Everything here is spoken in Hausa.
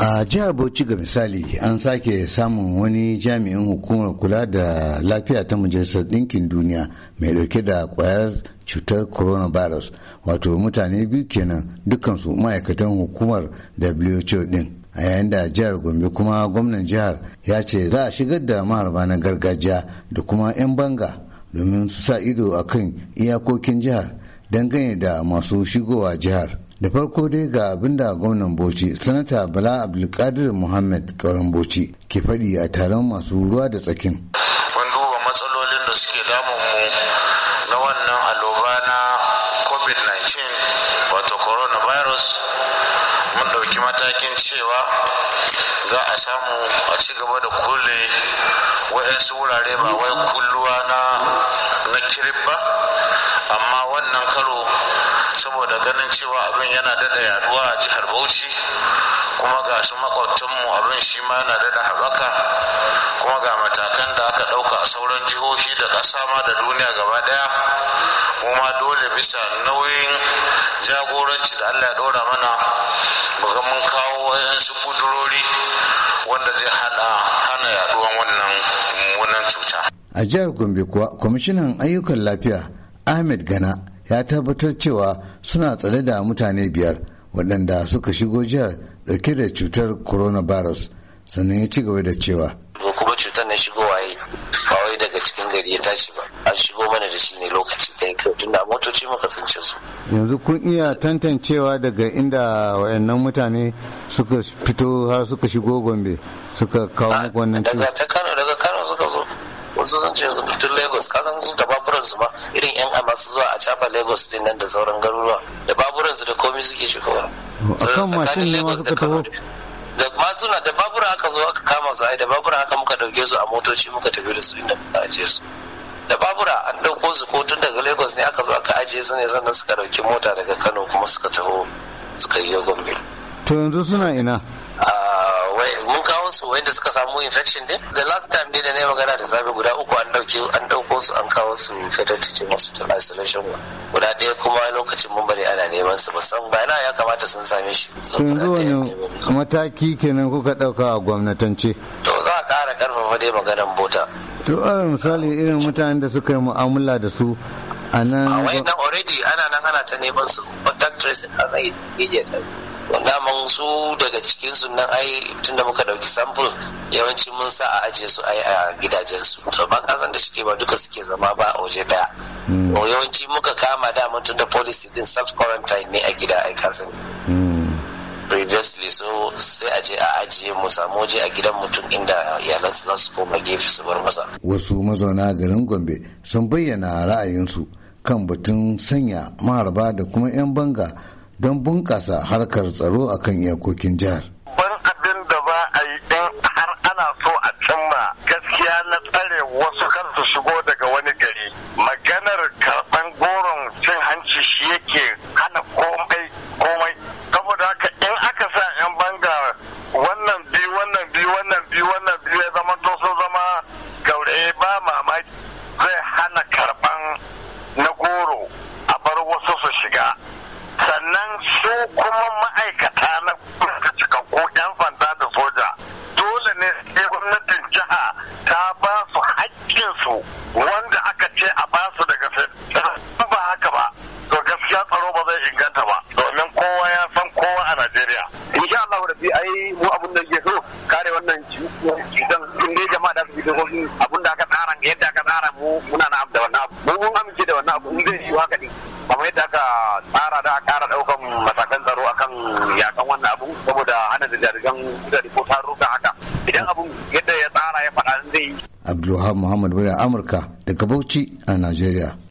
a jihar bauchi ga misali an sake samun wani jami'in hukumar kula da lafiya ta majalisar ɗinkin duniya mai ɗauke da kwayar cutar coronavirus wato mutane biyu kenan dukansu ma'aikatan hukumar who din a yayin da jihar gombe kuma gwamnan jihar ya ce za a shigar da maharba na gargajiya da kuma 'yan banga domin su sa ido a kan iyakokin jihar dangane da masu shigowa jihar da farko dai ga abin da gwamnan bauchi sanata bala abdulkadir muhammad kauran bauchi ke faɗi a taron masu ruwa da tsakin mun duba matsalolin da suke damun mu na wannan aloba na covid-19 wato coronavirus mun ɗauki matakin cewa za a samu a ci gaba da kulle wa'yansu wurare ba wai kulluwa na kirib ba amma wannan karo saboda ganin cewa abin yana daɗa yaduwa a jihar bauchi kuma ga su makwabtanmu abin shi ma yana daɗa haɓaka kuma ga matakan da aka ɗauka a sauran jihohi da ƙasa ma da duniya gaba ɗaya kuma dole bisa nauyin jagoranci da allah ya ɗora mana buga mun kawo wayansu kudurori wanda zai hana hana yaduwan wannan mummunan cuta a jihar gombe kuwa kwamishinan ayyukan lafiya ahmed gana ya tabbatar cewa suna tsare da mutane biyar waɗanda suka shigo jihar dauke da cutar coronavirus sannan ya ci gaba da cewa kuma cutar na shigo waye ba daga cikin gari ya tashi ba an shigo mana da shi ne lokaci ɗaya kyau tun da motoci muka ce su yanzu kun iya tantancewa daga inda wayannan mutane suka fito har suka shigo gombe suka kawo muku wannan daga kano daga kano suka zo wasu sun ce tun lagos kasan sun da baburan su ma irin yan ama su zuwa a chapa lagos din nan da sauran garuruwa da baburan su da komai suke shigowa akan mashin ne ma suka tawo da masu na da babura aka zo aka kama su ai da babura aka muka dauke su a motoci muka tafi da su inda muka aje su da babura an dauko su ko tun daga lagos ne aka zo aka aje su ne sannan suka dauki mota daga kano kuma suka taho suka yi gombe to yanzu suna ina a kawo su wanda suka samu infection din the last time dai da na magana da zabi guda uku an dauke an dauko su an kawo su federal teaching hospital isolation guda ɗaya kuma lokacin mun bari ana neman su musamman bayana ya kamata sun same shi sun zo ne mataki kenan kuka dauka a gwamnatance to za a ƙara karfafa dai maganar bota to misali irin mutanen da suka yi mu'amala da su a nan already ana nan ana ta neman su contact tracing a zai agent daman su daga cikin su nan ai tunda muka dauki sample yawanci mun sa a ajiye su ai a gidajen su to ban kasan da suke ba duka suke zama ba a waje daya hmm. yawanci muka kama da mun tunda policy din self quarantine ne a gida ai kasan hmm. previously so sai a je a ajiye mu samu waje a gidan mutum inda iyalan su su koma gefe su bar masa wasu mazauna garin Gombe sun bayyana ra'ayinsu kan batun sanya maharba da kuma 'yan banga don bunkasa harkar tsaro a kan iyakokin jihar kuma ma'aikata na gwamnati ko 'yan fanta da soja dole ne sai gwamnatin jiha ta ba su haƙƙinsu wanda aka ce a ba su daga ba haka ba to gaskiya tsaro ba zai inganta ba domin kowa ya san kowa a Najeriya. Insha Allah da bi ai mu abun da ke so kare wannan cutan in dai jama'a da su bi dokokin abun da aka tsara yadda aka tsara mu muna na da wannan abu. mun amince da wannan abu in zai shi wa da rubuta ruka haka idan abun yadda ya tsara ya faɗa zai yi. Abdulwahab Muhammad Mura Amurka daga Bauchi a Najeriya.